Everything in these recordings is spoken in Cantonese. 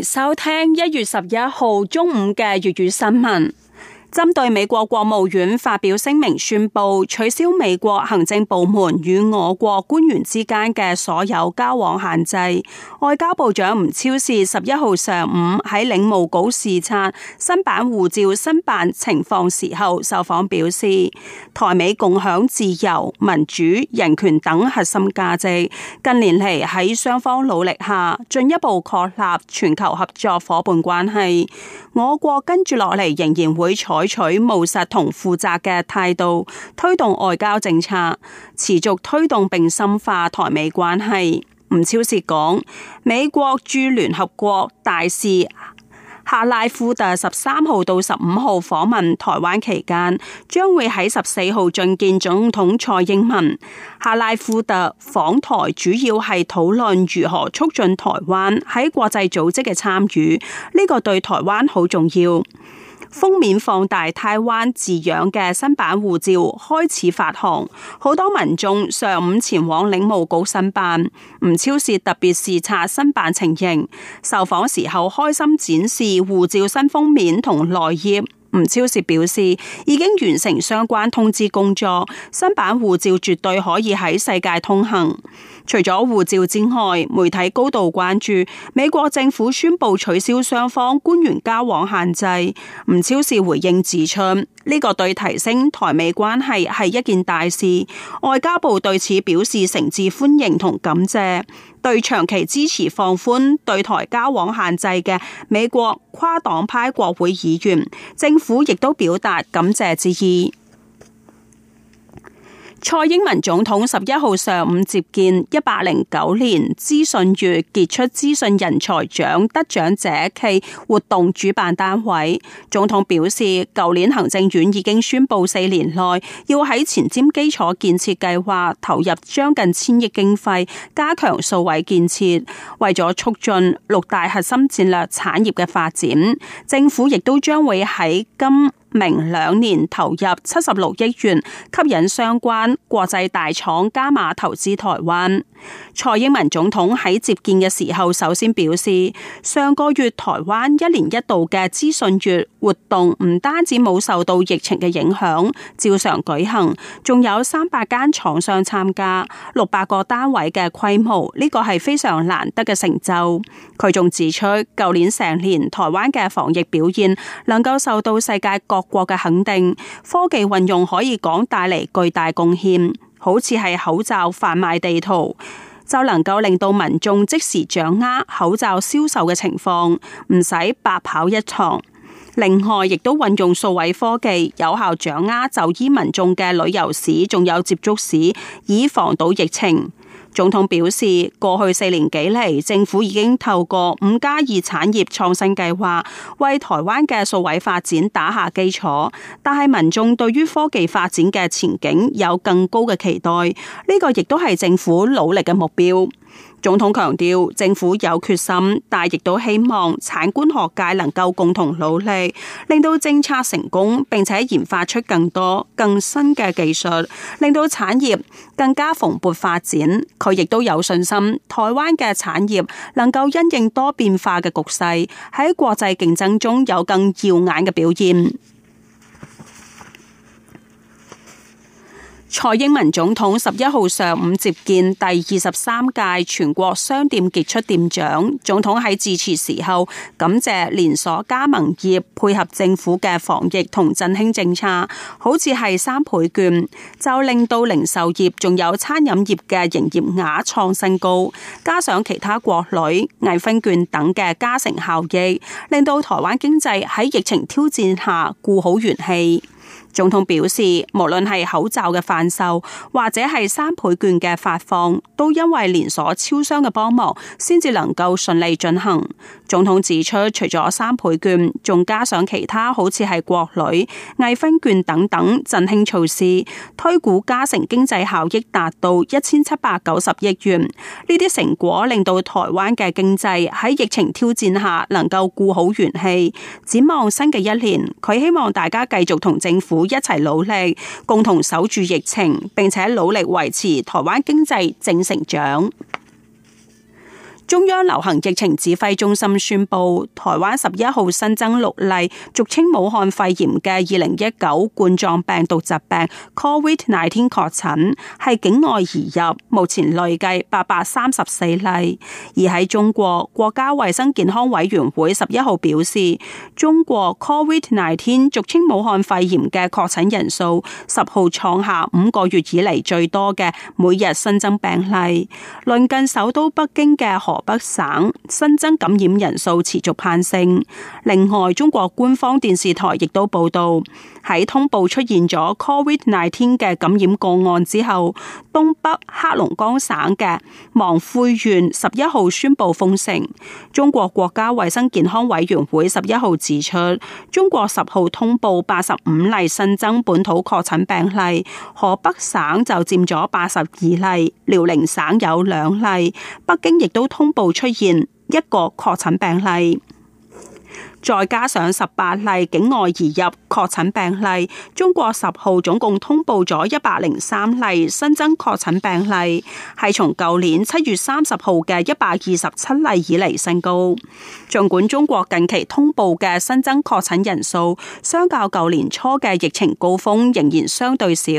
收聽一月十一號中午嘅粵語新聞。針對美國國務院發表聲明宣布，取消美國行政部門與我國官員之間嘅所有交往限制，外交部長吳釗燮十一號上午喺領務局視察新版護照申辦情況時候受訪表示，台美共享自由、民主、人權等核心價值，近年嚟喺雙方努力下進一步確立全球合作伙伴關係，我國跟住落嚟仍然會採。採取務實同負責嘅態度，推動外交政策，持續推動並深化台美關係。吳釗燮講，美國駐聯合國大使克拉夫特十三號到十五號訪問台灣期間，將會喺十四號晉見總統蔡英文。克拉夫特訪台主要係討論如何促進台灣喺國際組織嘅參與，呢個對台灣好重要。封面放大台灣字樣嘅新版護照開始發行，好多民眾上午前往領務局申辦。吳釗燮特別視察新版情形，受訪時候開心展示護照新封面同內頁。吳釗燮表示，已經完成相關通知工作，新版護照絕對可以喺世界通行。除咗護照之外，媒體高度關注美國政府宣布取消雙方官員交往限制。吳釗燮回應指出，呢、這個對提升台美關係係一件大事。外交部對此表示誠摯歡迎同感謝，對長期支持放寬對台交往限制嘅美國跨黨派國會議員，政府亦都表達感謝之意。蔡英文總統十一號上午接見一百零九年資訊月傑出資訊人才獎得獎者暨活動主辦單位。總統表示，舊年行政院已經宣布，四年內要喺前瞻基礎建設計劃投入將近千億經費，加強數位建設，為咗促進六大核心戰略產業嘅發展，政府亦都將會喺今，明兩年投入七十六億元，吸引相關國際大廠加碼投資台灣。蔡英文總統喺接見嘅時候，首先表示，上個月台灣一年一度嘅資訊月活動唔單止冇受到疫情嘅影響，照常舉行，仲有三百間廠商參加，六百個單位嘅規模，呢個係非常難得嘅成就。佢仲指出舊年成年台灣嘅防疫表現能夠受到世界各。國嘅肯定，科技運用可以講帶嚟巨大貢獻，好似係口罩販賣地圖，就能夠令到民眾即時掌握口罩銷售嘅情況，唔使白跑一趟。另外，亦都運用數位科技，有效掌握就醫民眾嘅旅遊史，仲有接觸史，以防堵疫情。總統表示，過去四年幾嚟，政府已經透過五加二產業創新計劃，為台灣嘅數位發展打下基礎。但係民眾對於科技發展嘅前景有更高嘅期待，呢個亦都係政府努力嘅目標。總統強調，政府有決心，但亦都希望產官學界能夠共同努力，令到政策成功，並且研發出更多、更新嘅技術，令到產業更加蓬勃發展。佢亦都有信心，台灣嘅產業能夠因應多變化嘅局勢，喺國際競爭中有更耀眼嘅表現。蔡英文總統十一號上午接見第二十三屆全國商店傑出店長，總統喺致辭時候感謝連鎖加盟業配合政府嘅防疫同振興政策，好似係三倍券就令到零售業仲有餐飲業嘅營業額創新高，加上其他國旅、藝分券等嘅加成效益，令到台灣經濟喺疫情挑戰下顧好元氣。總統表示，無論係口罩嘅販售或者係三倍券嘅發放，都因為連鎖超商嘅幫忙，先至能夠順利進行。總統指出，除咗三倍券，仲加上其他好似係國旅、藝分券等等振興措施，推估加成經濟效益達到一千七百九十億元。呢啲成果令到台灣嘅經濟喺疫情挑戰下能夠顧好元氣。展望新嘅一年，佢希望大家繼續同政府，一齊努力，共同守住疫情，並且努力維持台灣經濟正成長。中央流行疫情指揮中心宣布，台灣十一號新增六例俗稱武漢肺炎嘅二零一九冠狀病毒疾病 c o v i d 1 n 確診，係境外移入，目前累計八百三十四例。而喺中國，國家衛生健康委員會十一號表示，中國 c o v i d 1 n 俗稱武漢肺炎嘅確診人數十號創下五個月以嚟最多嘅每日新增病例。鄰近首都北京嘅河北省新增感染人數持續攀升。另外，中國官方電視台亦都報道，喺通報出現咗 COVID nineteen 嘅感染個案之後，東北黑龍江省嘅望奎縣十一號宣布封城。中國國家衛生健康委員會十一號指出，中國十號通報八十五例新增本土確診病例，河北省就佔咗八十二例，遼寧省有兩例，北京亦都通。部出現一個確診病例。再加上十八例境外移入確診病例，中國十號總共通報咗一百零三例新增確診病例，係從舊年七月三十號嘅一百二十七例以嚟升高。盡管中國近期通報嘅新增確診人數相較舊年初嘅疫情高峰仍然相對少，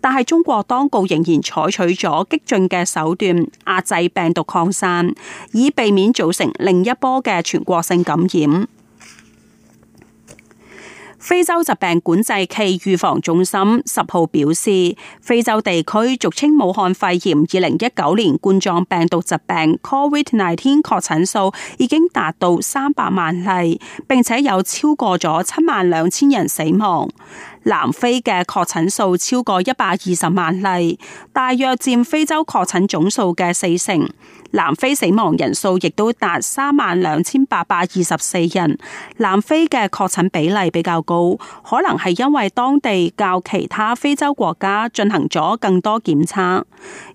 但係中國當局仍然採取咗激進嘅手段壓制病毒擴散，以避免造成另一波嘅全國性感染。非洲疾病管制暨預防中心十號表示，非洲地區俗稱武漢肺炎二零一九年冠狀病毒疾病 （COVID-19） 確診數已經達到三百萬例，並且有超過咗七萬兩千人死亡。南非嘅確診數超過一百二十萬例，大約佔非洲確診總數嘅四成。南非死亡人數亦都達三萬兩千八百二十四人。南非嘅確診比例比較高，可能係因為當地較其他非洲國家進行咗更多檢測。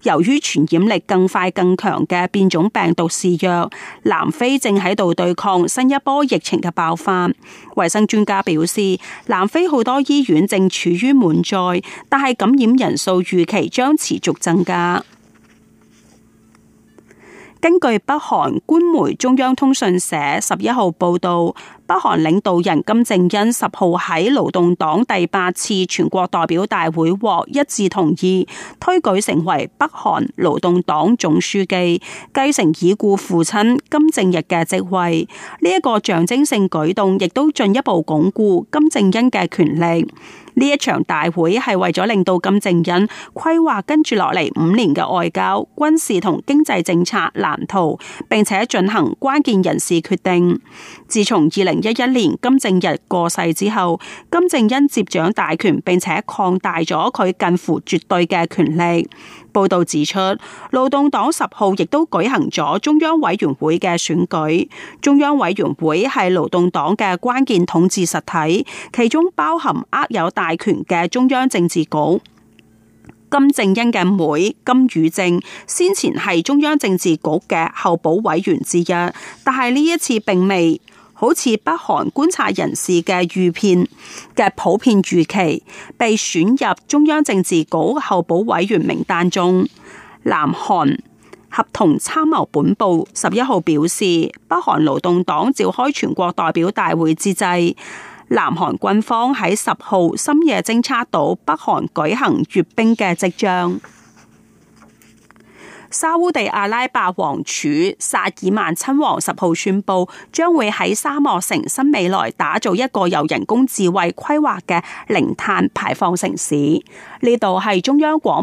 由於傳染力更快更強嘅變種病毒肆虐，南非正喺度對抗新一波疫情嘅爆發。衛生專家表示，南非好多醫院，正處於滿載，但係感染人數預期將持續增加。根據北韓官媒中央通訊社十一號報道，北韓領導人金正恩十號喺勞動黨第八次全國代表大會獲一致同意推舉成為北韓勞動黨總書記，繼承已故父親金正日嘅職位。呢一個象徵性舉動，亦都進一步鞏固金正恩嘅權力。呢一場大會係為咗令到金正恩規劃跟住落嚟五年嘅外交、軍事同經濟政策藍圖，並且進行關鍵人事決定。自從二零一一年金正日過世之後，金正恩接掌大權並且擴大咗佢近乎絕對嘅權力。報道指出，勞動黨十號亦都舉行咗中央委員會嘅選舉。中央委員會係勞動黨嘅關鍵統治實體，其中包含握有大權嘅中央政治局。金正恩嘅妹金與正先前係中央政治局嘅候補委員之一，但係呢一次並未，好似北韓觀察人士嘅預片嘅普遍預期，被選入中央政治局候補委員名單中。南韓合同參謀本部十一號表示，北韓勞動黨召開全國代表大會之際，南韓軍方喺十號深夜偵測到北韓舉行閱兵嘅跡象。沙烏地阿拉伯王儲薩爾曼親王十號宣布，將會喺沙漠城新未來打造一個由人工智慧規劃嘅零碳排放城市。呢度係中央廣。